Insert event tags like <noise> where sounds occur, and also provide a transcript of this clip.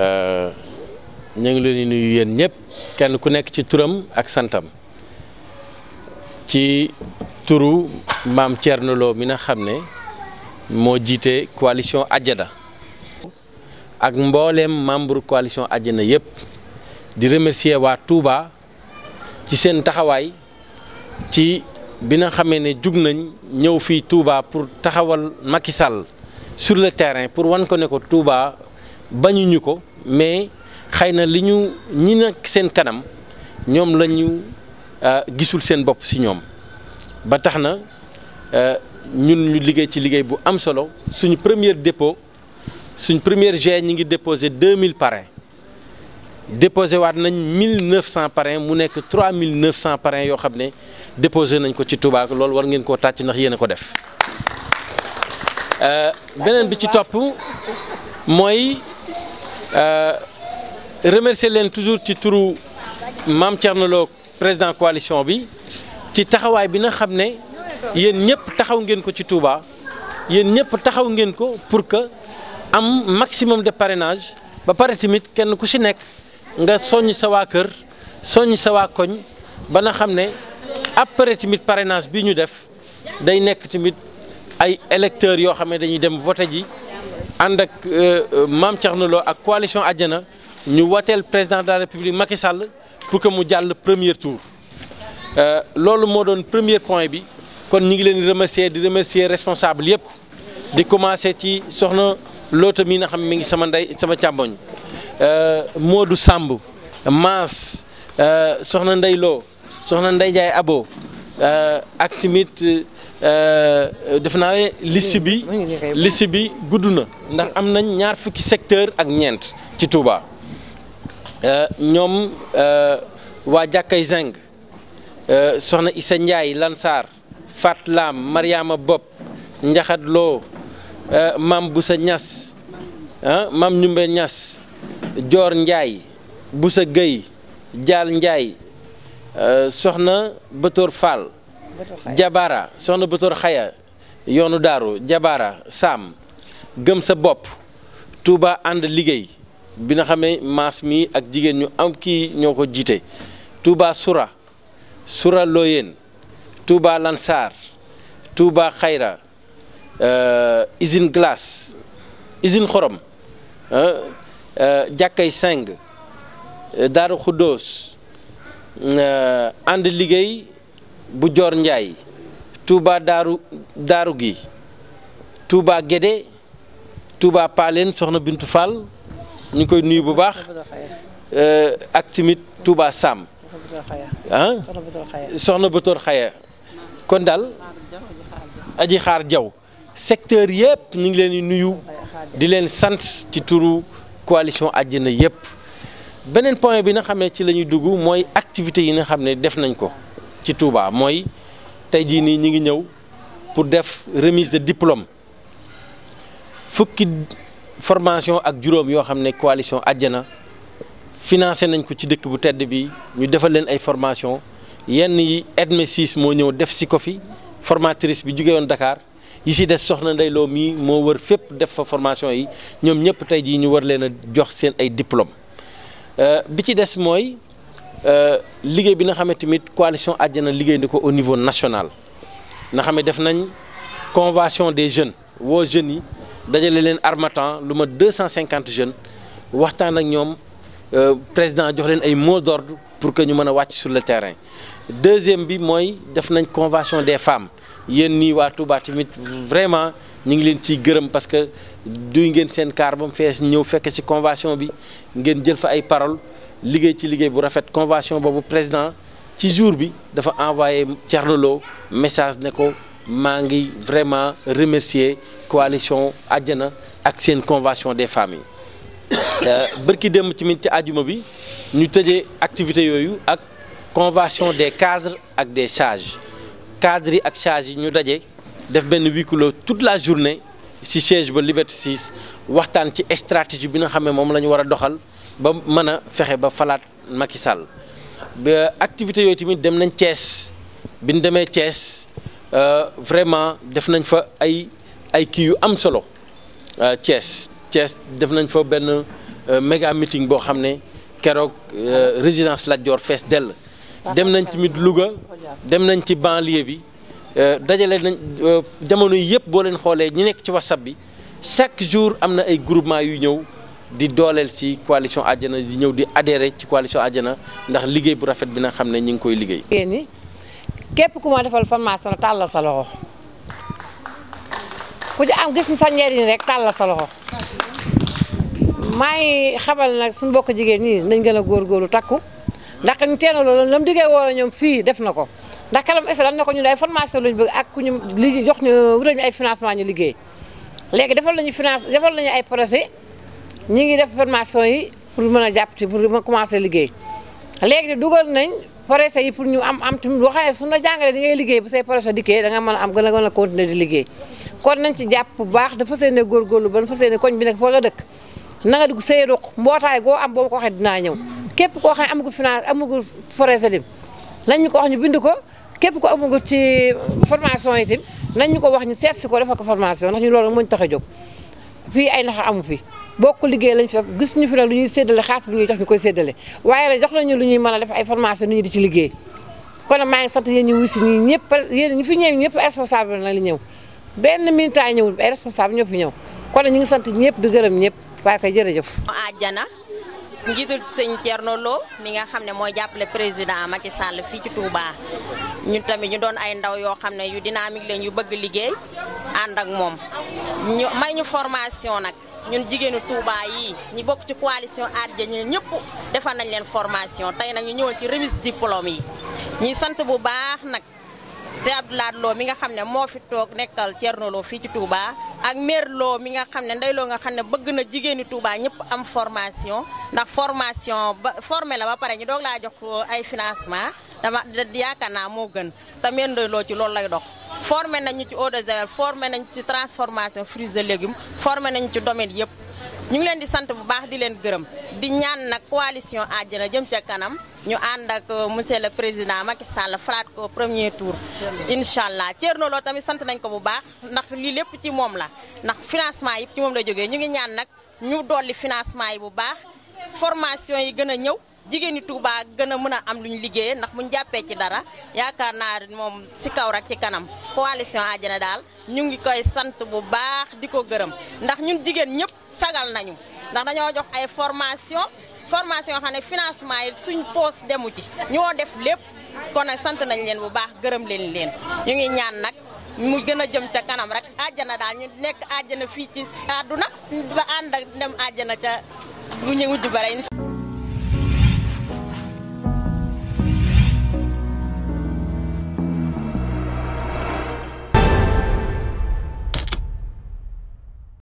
Euh, ñu ngi leen di nuyu yéen ñëpp kenn ku nekk ci turam ak santam ci turu maam Thierno Lo mi nga xam ne moo jiite coalition Adiana ak mbooleem membre coalition Adiana yëpp di remercier waa Touba ci seen taxawaay ci bi nga xamee ne jug nañ ñëw fii Touba pour taxawal Macky sur le terrain pour wan ko ne ko Touba bañuñu ko mais xëy euh, gisul seen ba premier dépôt suñu premier première ñi ngi déposé 2000 parrains déposé waat nañ 1900 parrains mu nekk 3900 parrains yo xamné déposé nañ ko ci Touba war ngeen ko def euh, Euh, remercier leen toujours ci turu Mame Thierno président coalition bi ci taxawaay bi na xam ne yéen ñëpp taxaw ngeen ko ci Touba yéen ñëpp taxaw ngeen ko pour que am maximum de parrainage ba pare tamit kenn ku si nekk nga soññ sa waa kër soññ sa waa koñ ba na xam ne après tamit parrainage bi ñu def day nekk tamit ay électeurs yoo xam ne dañuy dem voté ji. Andak ak euh, Mame Thierno ak coalition Adiana ñu wateel président de la république Macky Sall pour que mu le premier tour. Euh, lolu mo doon premier point bi kon ñi ngi leen di remercier di remercier responsable yépp di commencer ci soxna loota mi nga xam mi ngi sama nday sama euh Modou Samb euh soxna nday Lo soxna nday Ndiaye Abo euh, ak tamit. Euh, defe naa ne liste bi liste bi gudd na ndax am nañ ñaar fukki secteur ak ñeent ci Touba euh, ñoom euh, waa jàkkay Zeng soxna Issa Ndiaye Lansar Fat Lam Mariama Bopp Njaxat Lo Mam Boussa Niass Mam Ñumbe ñas Joor bu sa Gueye jaal njaay soxna Batoor Fall jabaara soxna Bator Xaya yoonu daaru jabara saam gëm sa bopp Touba ànd liggéey bi nga xamee maas mi ak jigéen ñu am kii ñoo ko jiite Touba sura sura looyeen Touba Lansar Touba Xayra euh, usine glace usine xorom euh, jàkkay seng euh, daaru xuddoos ànd liggéey bu Joor Njaay Touba Daaru Daaru gi Touba Gédé Touba Paleen soxna Bintu Fall ñu ngi koy nuyu bu baax euh, ak tamit Touba Sam ah soxna Batoor Xaya kon daal aji xaar jaw secteur yëpp ñu ngi leen di nuyu di leen sant ci turu coalition àjjana yëpp beneen point bi nga xam ne ci lañuy dugg mooy activités yi nga xam ne def nañ ko ci Touba moy tey jii nii ñi ngi ñew pour def remise de diplôme fukki formation ak juroom yo xamné coalition aljana financé nañ ko ci dëkk bu tedd bi ñu defal leen ay formation yenn yi Edme 6 mo ñew def ci kofi formatrice bi jugé won Dakar yi si des soxna Ndeye Lo mii moo wër fep def fa formation yi ñom ñëpp tey jii ñu wër leena jox seen ay diplôme euh bi ci dess moy nous euh, bi coalition au niveau national Nous avons convention des jeunes Les jeunes dajale 250 jeunes euh, président d'ordre pour que nous sur le terrain deuxième convention des femmes Nous avons vraiment parce que nous avons convention Nous avons parole liguey ci liguey bu rafet convention bobu président ci jour bi dafa envoyer Thierno message ne ko vraiment remercier coalition Àjjana ak sen convention des familles. yi <coughs> euh, bërki démb ci min ci àjjuma bi ñu tejé activité yoyu ak convention des cadres ak des sages cadres ak sages ñu dajé def ben huis toute la journée ci siège ba Liberté 6 waxtan ci stratégie bi nga xamé mom lañu wara doxal ba mën a fexe ba falaat Macky Sall activités yooyu tamit dem nañ cees bi ñu demee Thiès euh, vraiment def nañ fa ay ay kii yu am solo euh, Thiès cees def nañ fa benn euh, méga boo xam ne keroog résidence Lat Dior fees dell dem nañ tamit Louga dem nañ ci banlieue bi dajale nañ jamono yi yëpp boo leen xoolee ñu nekk ci whatsapp bi chaque jour am na ay groupement yu ñëw di dooleel ci coalition Adiana di ñëw di adhéré ci coalition Adiana ndax liggéey bu rafet bi na xam ne ñu ngi koy liggéey. jigéen képp ku ma defal formation tàllal sa loxo ku ci am gis sa njëriñ rek tàllal sa loxo maa ngi xamal nag suñu bokk jigéen ñi nañ gën a góor góorgóorlu takku ndax ñu teel a loolu lam liggéey woo ñoom fii def na ko. ndax kalam est dan na ko ñu day formation lañu bëgg ak ku ñu li jox ñu wutal ñu ay financement ñu liggéey léegi defal lañu finance defal lañu ay projet ñi ngi def formation yi pour mën a jàpp ci pour ma commencé liggéey léegi te dugal nañ procès yi pour ñu am am tamit loo xam ne su na jàngalee di ngay liggéey bu say procès dikkee da nga am gën a gën a continuer di liggéey nañ ci jàpp bu baax dafa seen góorgóorlu ba dafa seen ne koñ nag fa nga dëkk na nga dugg say ruq mbootaay goo am boobu ko waxee dinaa ñëw képp koo xam ne amagu finance amagu procès dim nañ ñu ko wax ñu bind ko képp ko amagu ci formation itam nañ ñu ko wax ñu seet si ko a ko formation ndax ñu loolu moo ñu tax a jóg fii ay naxa amu fi bokk liggéey lañ fi gis ñu fi nag lu ñuy séddale xaas bu ñuy jox ñu koy séddale waaye nag jox nañu lu ñuy mën a def ay formation nu ñu di ci liggéey kon nag maa ngi sant si ñi ñëpp yéen ñu fi ñëw ñëpp responsable na li ñëw benn militant yi ñëwul ay responsable ñoo fi ñëw kon nag ñu ngi sant ñëpp di gërëm ñëpp waaye koy jërëjëf àjjana njiitul sëñ Thierno Lo mi nga xam ne mooy jàppale président Macky Sall fii ci Touba ñu tamit ñu doon ay ndaw yoo xam ne dinaa dynamique leen ñu bëgg liggéey ànd ak moom ñu may ñu formation nag ñun jigéenu Touba yi ñi bokk ci coalition Aar Jëñ ñëpp defal nañ leen formation tey nag ñu ñëwoon ci remise diplôme yi ñuy sant bu baax nag Cheikh Abdoulaye Lo mi nga xam ne moo fi toog nekkal Thierno Lo fii ci Touba ak maire Lo mi nga xam ne Ndeye Lo nga xam ne bëgg na jigéenu Touba ñëpp am formation ndax formation ba formé la ba pare ñu doog laa jox ay financement dama yaakaar naa moo gën te maire Ndeye ci loolu lay dox formé nañu ci eau de javel formé nañ ci transformation fruits et légumes formé nañ ci domaine yëpp ñu ngi leen di sant bu baax di leen gërëm di ñaan nag coalition Àjjana jëm ca kanam ñu ànd ak euh, monsieur le président Macky Sall falaat ko premier tour incha allah Thierno loo tamit sant nañ ko bu baax ndax lii lépp ci moom la ndax financement yëpp ci moom la jógee ñu ngi ñaan nag ñu dolli financement yi bu baax formation yi gën a ñëw jigéen ñi Touba gën a mën a am lu ñu liggéeyee ndax muñ jàppee ci dara yaakaar naa moom si kaw rek ci kanam coalition Adiana daal ñu ngi koy sant bu baax di ko gërëm ndax ñun jigéen ñëpp sagal nañu ndax dañoo jox ay formation formation yoo xam ne financement suñ poos demu ci ñoo def lépp kon nag sant nañ leen bu baax gërëm leen leen ñu ngi ñaan nag mu gën a jëm ca kanam rek àjjana daal ñu nekk àjjana fii ci àdduna ba ànd ak dem ca bu ñu wujj bare